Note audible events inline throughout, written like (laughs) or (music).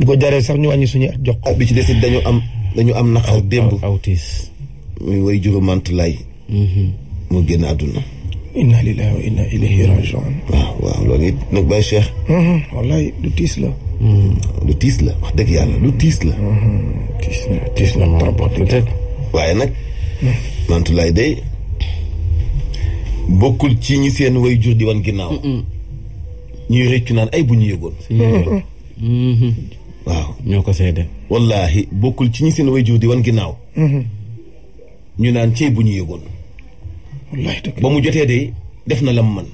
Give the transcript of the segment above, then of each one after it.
bu ko jaree sax ñu wàññi suñu jox bi ci des it dañu am dañu am naqar démb. awtis muy way juróomant lay. moo mm-hmm. génn àdduna. inna lillahi wa inna ilayhi rajiun. waaw loolu it nag Baye Cheikh. Mm-hmm. lu tiis la. Mm-hmm. lu tiis la wax dëgg yàlla lu tiis la. tiis na tiis na trop wax dëgg yàlla. waaye nag. Mantoulaye day bokkul ci ñi seen way jur di wan ginnaaw. ñuy rëccu naan ay bu ñu yëgoon. waaw ñoo ko seede wallaahi bokkul ci ñu seen waajur di wan ginnaaw mhm. ñu naan cey bu ñu yëgoon wallaahi ba mu jotee de def na lam man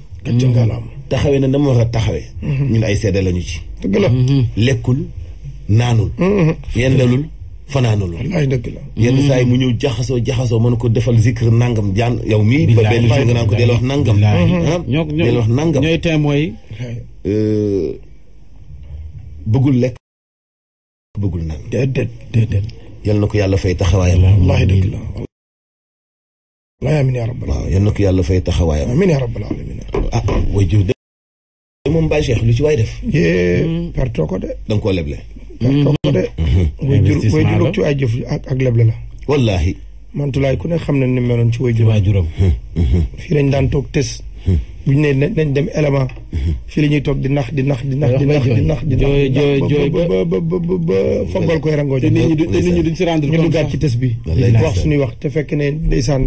taxawe na na mu war a taxawe mhm. ñun ay seede lañu ci dëgg la mhm. lekkul naanul yenn lalul fanaanul la yenn saa yi mu ñëw jaxasoo jaxasoo mën ko defal zikr nangam jaan yow mii ba benn jour nga naan ko delloo wax nangam ah, wax nangam euh, bëggul lekk bëggul naan déedéet déedéet yal na ko yàlla fay taxawaayam wallaahi dëgg la wallaahi amiin yaa rabbal waaw yal na ko yàlla fay taxawaayam amiin yaa rabbal alamin ah way jur de moom Baye Cheikh lu ci waay def yée pertoo ko de da nga koo leble pertoo ko de way jur way jur ci ay jëf ak ak leble la wallaahi mantulaay ku ne xam ne ni meloon ci way jur waajuram hmm, hmm. fii lañ daan toog tës hmm. bu ñu nee nañ dem élément fii la ñuy toog di nax di nax di nax di nax di nax di nax ba ba ba ba fombal koy rangoo te nit ñi duñ si rendre ñu duggaat ci tës bi wax suñuy wax te fekk ne ndeysaan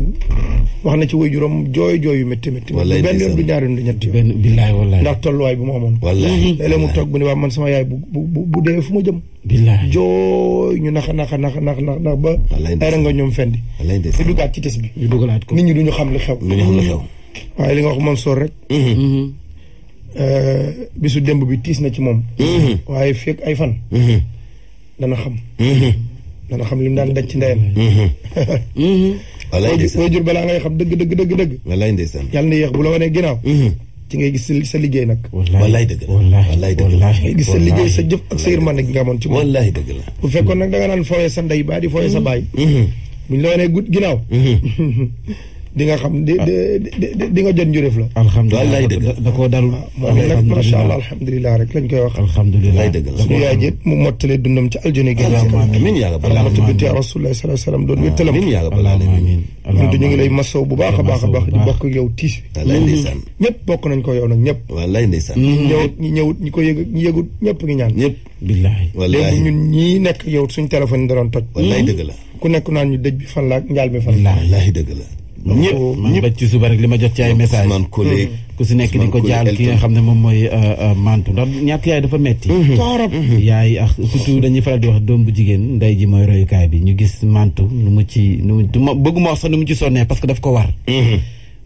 wax na ci way juróom jooy jooy yu métti métti benn yoon du ñaari yoon du ñetti yoon ndax tolluwaay bi mu amoon léeg-léeg mu toog bu ne waa man sama yaay bu bu bu dee fu ma jëm jooy ñu nax nax nax nax nax nax ba ay rangoo ñoom fendi ñu duggaat ci tës bi nit ñi duñu xam li xew waaye li nga wax Mansour rek. Mhm. Mhm. Euh, bisu demb bi tiis na ci moom. Mhm. waaye fekk ay fan. dana xam. dana xam li mu daan daj ci ndeyam. (laughs) wallaay ndeysaan jur balaa ngay xam dëgg dëgg dëgg dëgg. wallaay ndeysaan yàlla na yéex bu la wanee ginnaaw. ci ngay gis sa liggéey nag. wallaay dëgg la wallaay dëgg la ngay gis sa liggéey man jëf ak sa yërmande amoon ci moom. wallaay la bu fekkoon nag danga naan fooyee sa ndey baa di fooyee sa baay. buñ la wanee ginnaaw. (laughs) di nga xam di di di nga jot njuréef la. alhamdulilah da koo dalul. alhamdulilah macha allah alhamdulilah rek lañ koy wax. alhamdulilah dëgg la suñu yaay jëpp mu mottale dundam ci aljani génn. amiin yaa rabbal alamiin alhamdulilah binti rasulullah sallallahu alayhi wa sallam doon wéttalam. amiin yaa rabbal alamiin. alhamdulilah ñu ngi lay masaw bu baax a baax a baax di bokk yow tiis. wallaay ndeysaan. ñëpp bokk nañ ko yow nag ñëpp. wallaay ndeysaan. ñi ñëwut ñi ñëwut ñi ko yëg ñi yëgut ñëpp ngi ñaan. ñëpp billaay. wallaay ñun ñii nekk yow suñ téléphone yi da doon toj. wallaay dëgg la. ku nekk naan ñu dëj bi fan la ak njaal bi fan la. wallaay dëgg la ñëpp ñëpp ba ci suba rek li ma jot ci ay message hmm. ku si nekk di ko jaal ki nga xam ne moom mooy euh, euh, mantu ndax ñàkk yaay dafa metti hmm. Hmm. yaay ak ah, surtout dañuy faral di wax doom bu jigéen ndey ji mooy royukaay bi ñu gis mantu nu mu ci nu mu bëgguma wax sax nu mu ci sonnee parce que daf ko war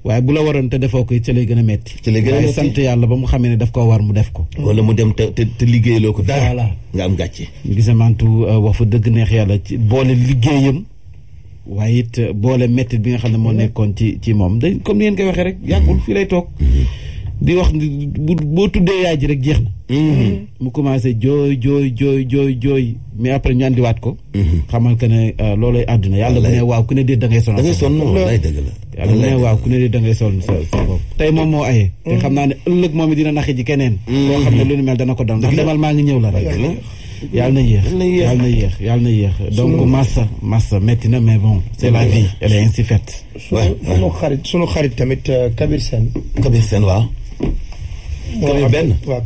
waaye bu la waroon te defoo ko it ci lay gën a metti ci sant yàlla ba mu xamee ne daf koo war mu def ko wala mu dem te te liggéeyloo ko dara nga am gàcce gisa mantu euh, wax fa dëgg neex yàlla waaye it euh, boole métti bi nga xam ne moo nekkoon ci ci moom dañ comme ni ngeen koy waxee rek mm-hmm. yàggul fii lay toog mm-hmm. di wax boo tuddee yaay ji rek jeex na mm-hmm. mu commencé jooy jooy jooy jooy jooy mais après ñu andiwaat ko xamal que ne euh, looloy àdduna yàlla bu ne waaw ku ne dee da ngay sonal da ngay sonal lay dëgg sa sa bopp tey moom moo aye te xam naa ne ëllëg moom it dina naxi ji keneen koo xam ne lu ni mel dana ko dal ndax demal maa ngi ñëw la rek y na yéex yàlla il y donc massa massa maintenant na mais bon c'est la vie elle est ainsi faite sunu xarit sunu xarit tamit euh, Kabir Sène Kabir Sène waaw Kabir Ben.